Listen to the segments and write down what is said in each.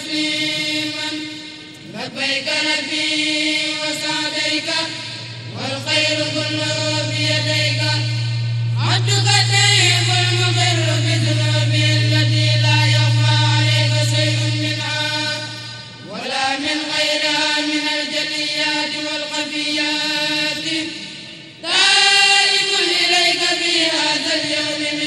تسليما لبيك نبي وسعديك والخير كله في يديك عبدك الدريف المقر بذنوبه التي لا يغفى عليك شيء منها ولا من غيرها من الجليات والخفيات تائب إليك في هذا اليوم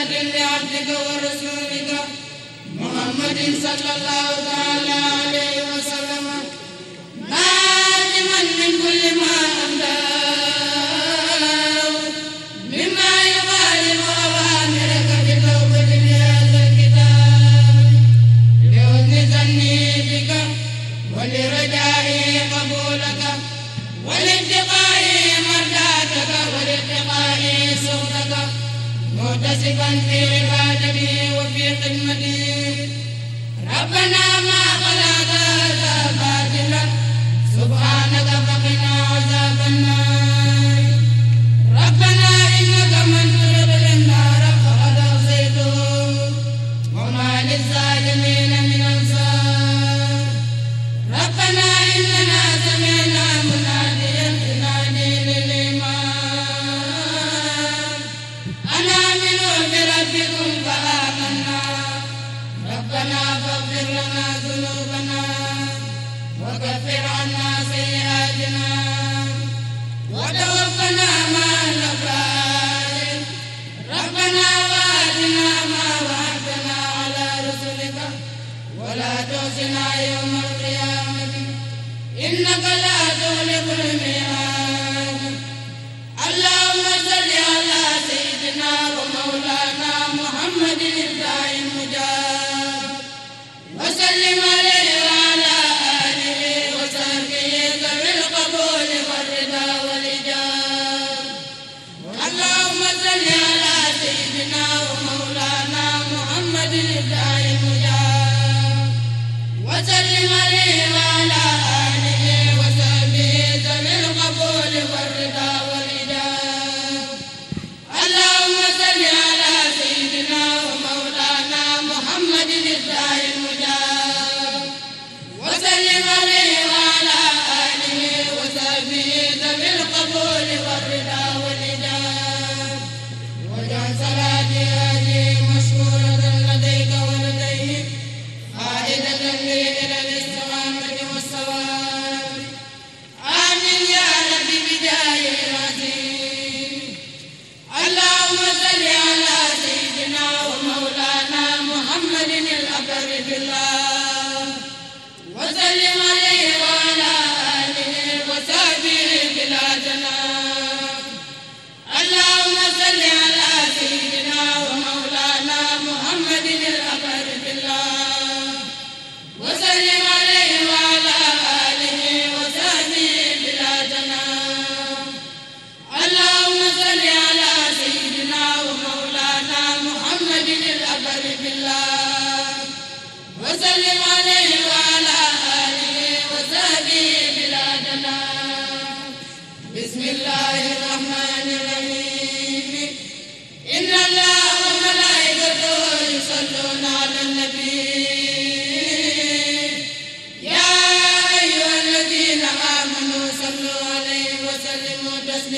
وسنة لعبدك ورسولك محمد صلى الله تعالى عليه وسلم آدما من كل ما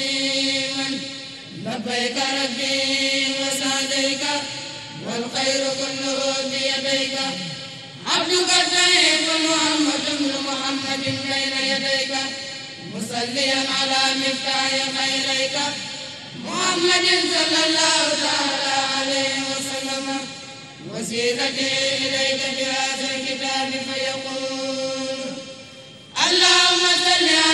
تسليما لبيك ربي وسعديك والخير كله بيديك عبدك الشهيد محمد بن محمد بين يديك مصليا على مفتاح خيريك محمد صلى الله تعالى عليه وسلم وسيلتي اليك في هذا الكتاب فيقول اللهم صل على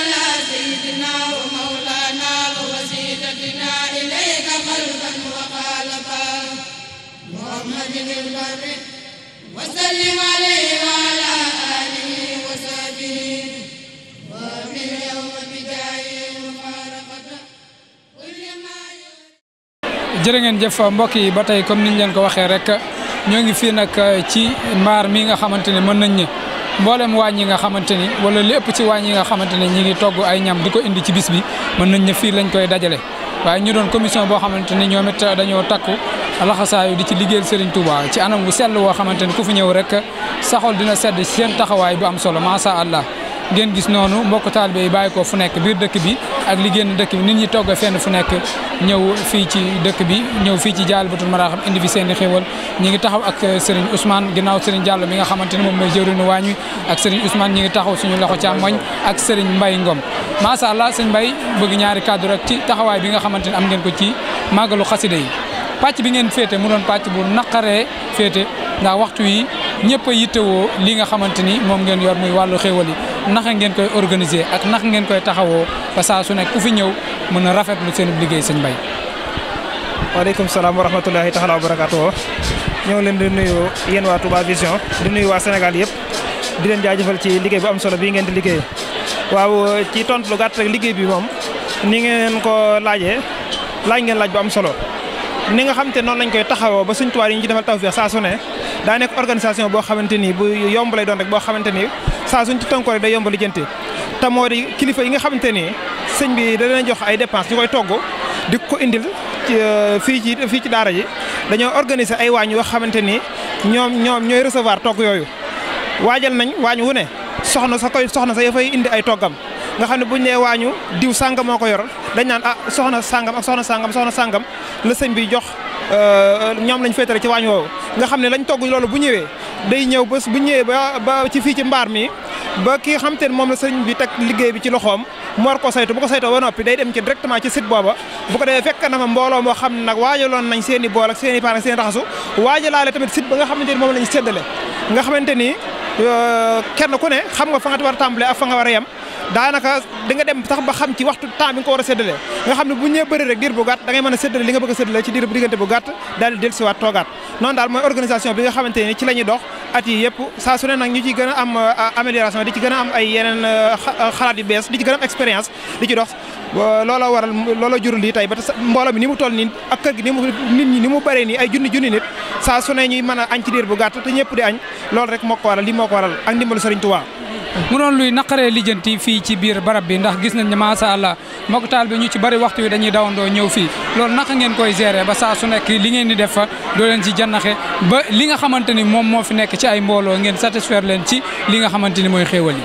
jërë ngeen jëf mbokk yi ba tey comme niñ leen ko waxee rek ñoo ngi fii nag eh, ci mbaar mii nga xamante ne mën nañ ne mboolem waañ yi nga xamante ni wala lépp ci waañ yi nga xamante ne ñi ngi togg ay ñam di ko indi ci bis bi mën nañ ne fii lañ koy dajale waaye ñu doon commission boo xamante ni ñoom it dañoo takku laxasaayu di ci liggéeyal Serigne Touba ci anam bu sell woo xamante ni ku fi ñëw rek saxol dina sedd seen taxawaay bu am solo macha allah. ngeen gis noonu mbokk taalibe yi bàyyi ko fu nekk biir dëkk bi ak li génn dëkk bi nit ñi togg fenn fu nekk ñëw fii ci dëkk bi ñëw fii ci jaal Dialibatoul Marakhib indi fi seen i xéewal ñi ngi taxaw ak Serigne Ousmane ginnaaw Serigne Diallo mi nga xamante ne moom mooy jëwriñu waañ wi ak Serigne usmaan ñi ngi taxaw suñu loxo càmmoñ ak Serigne mbay Ngom macha allah Serigne Mbaye bëgg ñaari kàddu rek ci taxawaay bi nga xamante ne am ngeen ko ci màggalu xasida yi pàcc bi ngeen féete mu doon pàcc bu naqaree féete ndax waxtu yi ñëpp a li nga xamante ni moom ngeen yor muy wàllu xéewal yi naka ngeen koy organiser ak naka ngeen koy taxawoo ba sa su nek ku fi ñew mëna a rafetlu seen liggéey seen bay wa alaykum salaam wa rahmatullahi taala wa barakatuh ñoo leen di nuyu yeen wa tuba Vision di nuyu wa senegal yépp di leen jaajeufal ci liggéey bu am solo bi ngeen di liggéey waaw ci tontu lu gatt rek liggéey bi mom ni ngeen ko laajee laaj ngeen laaj bu am solo ni nga xam non lañ koy taxawoo ba suñ tuwaar yi ñu ci defal tawfiq sa su ne da nek organisation bo xamanteni bu yomb lay don rek bo xamanteni saa suñ tënkoon rek day yomb lijjanti te moo di kilifa yi nga xamante ni sëñ bi da leen jox ay dépense ñu togg di ko indil euh, fii ci fii ci daara ji dañoo organiser ay waañ yoo xamante ni ñoom ñoom ñooy recevoir togg yooyu waajal nañ waañ wu ne soxna sa koy soxna sa ya fay indi ay toggam nga xam ne buñ nee waañu diw sàngam moo yor dañ naan ah soxna sàngam ak soxna sàngam soxna sàngam la sëñ bi jox euh, ñoom lañ féetale ci waañ woowu nga xam ne lañu togg loolu bu ñëwee day ñëw bés bu ñëwee ba ba ci fii ci mbaar mi ba ki xam te ne moom la sëriñ bi teg liggéey bi ci loxoom mu war ko saytu bu ko saytoo ba noppi day dem ci directement ci site booba bu ko defee fekk na fa mbooloo moo xam ne nag waajaloon nañ seen bool ak seen i paan ak seen i raxasu waajalaale tamit site ba nga xamante ni moom lañ séddale nga xamante ni Euh, kenn ku ne xam nga fa nga war tambalé ak fa nga war yam da naka da nga dem tax ba xam ci waxtu temps bi ko wara sédélé nga xam ne bu ñëwee bëri rek dir bu gatt da ngay mëna sédélé li nga bëgg sédélé ci dir bu digënté bu gàtt daal di dellusiwaat toogaat non dal moy organisation bi nga xamanté ni ci la dox at yi yépp sa su ne ñu ci gëna am euh, amélioration di ci gëna am ay yenen euh, xalaat yu bees di ci gëna am expérience di ci dox looloo waral looloo jural lii tey ba mbolam ni mu toll ni ak kër gi ni mu nit ñi ni mu bari ni ay nit saa su ne ñuy mën a añ ci diir bu gàtt te ñëpp di añ loolu rek moo waral lii moo waral ak ndimbalu Serigne Touba. mu luy naqaree lijjanti fii ci biir barab bi ndax gis nañ ne macha allah mbokk taal bi ñu ci bari waxtu wi dañuy dawandoo ñëw fii loolu naka koy gérer ba saa su nekk li ngeen di def fa doo leen ci jannaxe ba li nga xamante ni moom moo fi nekk ci ay mbooloo ngeen satisfaire leen ci li nga xamante mooy xéewal yi.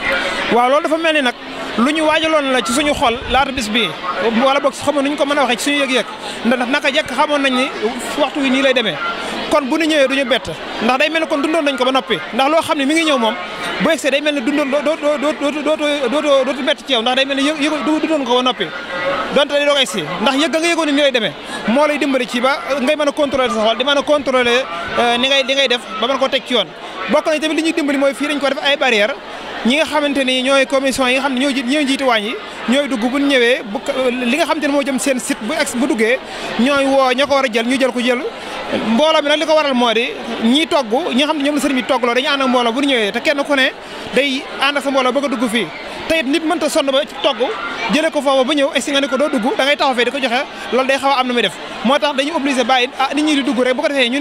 waaw loolu dafa mel ni nag la ci suñu xol a kon bu ñu ñëwee du ñu bett ndax day mel ne kon dundoon nañ ko ba noppi ndax loo xam ne mi ngi ñëw moom bu egsee day mel ne dundoon doo doo doo dootu bett ci yow ndax day mel ne yë dundoon ko ba noppi donte day doog egsi ndax yëg nga yëgoon ni lay demee moo lay dimbali ci ba ngay mën a contrôler sa xol di mën a contrôler euh, ni ngay li ngay def ba mën ko teg ci yoon bokk nañ tamit li ñuy dimbali mooy fii dañ ko def ay barrière ñi nga xamante ni ñooy commission yi nga xam ne ñoo ji ñooy njiitu waañ yi ñooy dugg bu ñëwee li nga xamante ne moo jëm seen sit bu ex bu duggee ñooy woo ña ko war a jël ñu jël ko jël mbooloo mi nag li ko waral moo di ñiy togg ñi nga xam ne ñoom la sëriñ bi toggloo dañu ànd ak mbooloo bu ñëwee te kenn ku ne day ànd ak sa mbooloo bëgg dugg fii te it nit mënta sonn ba ci togg jëlee ko foofa ba ñëw egsi nga ne ko doo dugg da ngay taxaw fee di ko joxe loolu day xaw am na muy def moo tax dañuy obligé bàyyi ah nit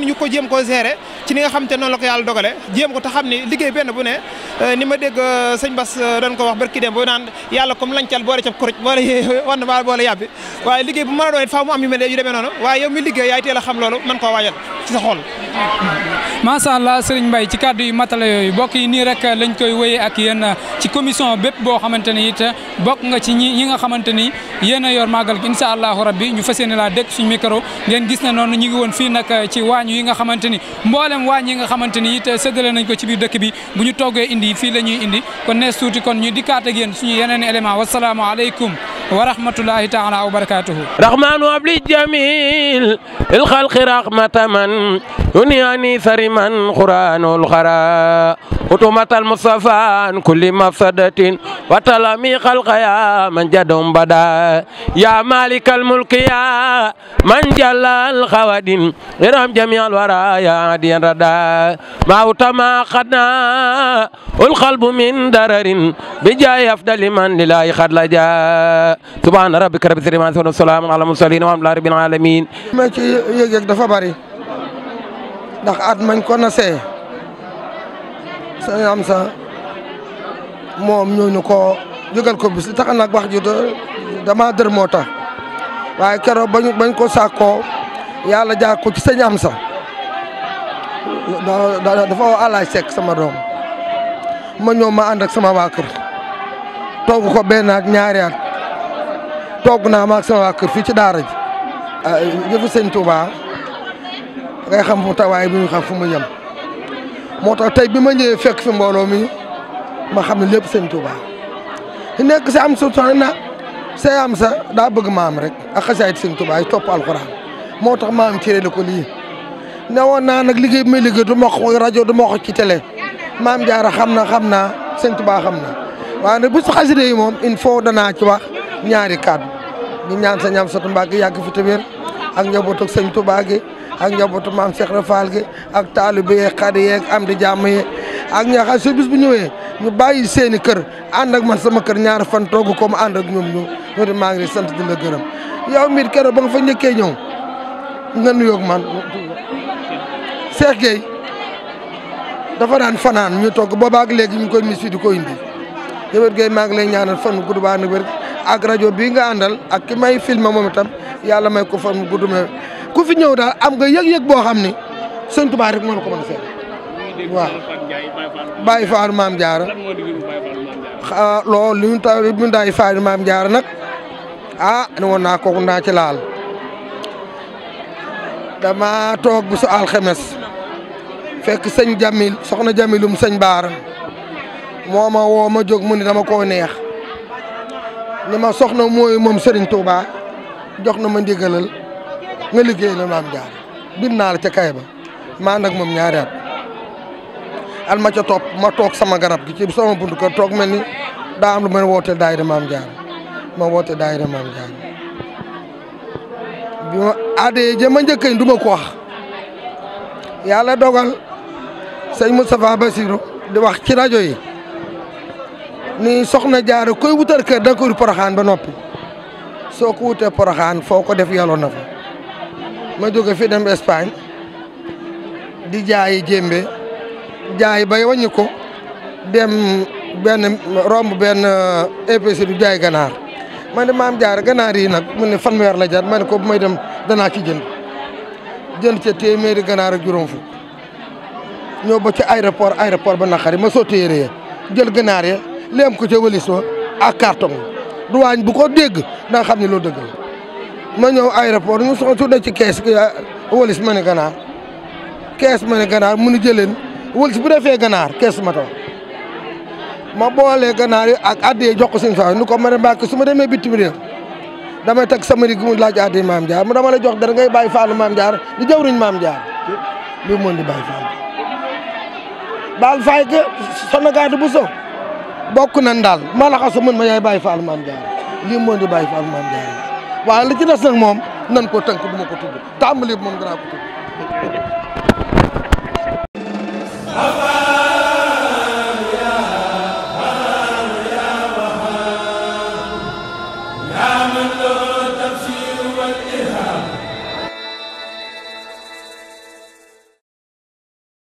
ñu ko jéem koo gérer ci ni nga xam te noonu la ko yàlla dogale jéem ko te xam ni liggéey benn bu ne eh, ni ma dégg eh, sëñ Bas eh, doon wax barki dem bo naan yàlla comme lañcal boole cab kuruj boole wann maa boole yàbbi waaye liggéey bu mën a doon it faaw mu am yu mel yu demee noonu waaye yow mi liggéey yaay ci sa xol macha bokk yi nii rek lañ koy wéyee ak yéen koo xamante ni it bokk nga ci ñi ñi nga xamante ni a yor màggal gi allahu rabbi ñu fas yéene laa dégg suñu micro ngeen gis na noonu ñu ngi woon fii nag ci waañ yi nga xamante ni mboolem waañ yi nga xamante ni it séddale nañ ko ci biir dëkk bi bu ñu toggee indi fii la ñuy indi kon nees tuuti kon ñu dikkaat ak yéen suñu yeneen élément wasalaamu aleykum wa taala wa barakatuhu rahmanu abli jamil il xalqi rahmataman دنياني ثرما قران الخراء أتومة المصطفى عن كل مفسدة وتلامي خلق يا من جد بدا يا مالك الملك يا من جل الخوادين غرام جميع الورى يا عدي ردا ما أتما قدنا والقلب من درر بجاي أفضل من لا خد لجا سبحان ربك رب العزة والسلام على المرسلين وعلى رب العالمين. ndax at mañ ko na sëñ am sa moom ñooñu ko jógal ko bis li tax nag wax ju dama dër moo tax waaye keroog bañ bañ ko sàkkoo yàlla jaar ko ci sëñ am sa dafa woo alaaj sekk sama doom ma ñëw ma ànd ak sama waa toogu ko benn ak ñaari at toog naa ma sama waa kër fii ci daara ji jëfu sëñ Touba ngay xam fu tawaay bi ñu xam fu ma ñam moo tax tey bi ma ñëwee fekk fi mbooloo mi ma xam ne lépp sëñ Touba nekk si am sa na say am sa daa bëgg maam rek ak xasaayit sëñ Touba yi topp alxuraan moo tax maam céré la ko lii ne woon naa nag liggéey bi may liggéey du ma rajo du ma ci télé maam jaara xam na xam naa sëñ Touba xam na waaye nag bu si xasida yi moom il faut danaa ci wax ñaari kàddu ñu ñaan sa ñam sa Touba gi yàgg fi te wér ak njaboot ak sëñ Touba ak njabootu maam Cheikh Rafal gi ak taalibe yeeg xadi yeeg am di jàmm yi ak ñaaxal su bis bu ñëwee ñu bàyyi seen i kër ànd ak man sama kër ñaar fan toog ko mu ànd ak ñoom ñu ñoo di maa ngi sant di la gërëm yow miit keroog ba nga fa njëkkee ñëw nga nuyoog man Cheikh Gueye dafa daan fanaan ñu togg boobaak léegi ñu koy mis fi di ko indi yow it maa ngi lay ñaanal fan bu gudd baa ak rajo bii nga àndal ak ki may filmé moom itam yàlla may ko fan bu ku fi ñëw daal am nga yëg-yëg boo xam ni sëñ Tuubaa rek moo la ko mën a seet waaw Baye Fall Maam Jaara loolu li ñu taw bi Baye Maam Jaara nag ah ne woon naa ko ndaa ci laal dama toog bisu alxemes fekk sëñ Jamil soxna Jamilum sëñ Baara moo ma woo ma jóg mu ni dama koo neex ni ma soxna mooy moom Serigne Touba jox na ma ndigalal nga liggéey la maam jaar bin na la ci kay ba ma nak mom ñaari at al ma ci top ma tok sama garab gi ci sama buntu ko tok melni ni am lu may wote daayira mam jaar ma wote daayira maam jaar bi ma ade je ma njëkkañ du ma ko wax yalla dogal seigne mustapha basirou di wax ci radio yi ni soxna jaar koy wutal ke da ko koy ba nopi soko wuté porxan foko def yalo na fa ma jóge fi dem Espagne di jaayi jémbe jaayi bay wañu ko dem benn romb benn euh, épicerie du jaay ganaar man de maam jaar ganaar yi nag mu ne fanweer la jar ma ne ko bu may dem danaa ci jënd jënd ca téeméeri ganaar ak juróom fukk ba ci aéroport aéroport ba naqari ma sotti yére ya jël ganaar ya leem ko ca walis wa ak carton duwaañ bu ko dégg da nga xam ne loolu dëgg ma ñëw aéroport ñu soxla ci nekk ci kees ah, walis ma ne ganaar kees ma ne ganaar mu nu jëleen walis bu defee ganaar kees ma taw ma boolee ganaar yi ak addiyee jox ko suñu faaw ni ko ma ne mbàkk su ma demee bitim réew damay teg sama rig mu laaj addiye maam jaar mu dama la jox dara ngay bàyyi faalu maam jaar lu jawriñ maam jaar bi mën di bàyyi faal baal faay bu so nan daal ma laxasu mën ma yaay bàyyi faalu maam jaar lii mën jaar waaye li ci des nag moom nan ko tënk du ma ko tudd tàmbali moom danaa ko tudd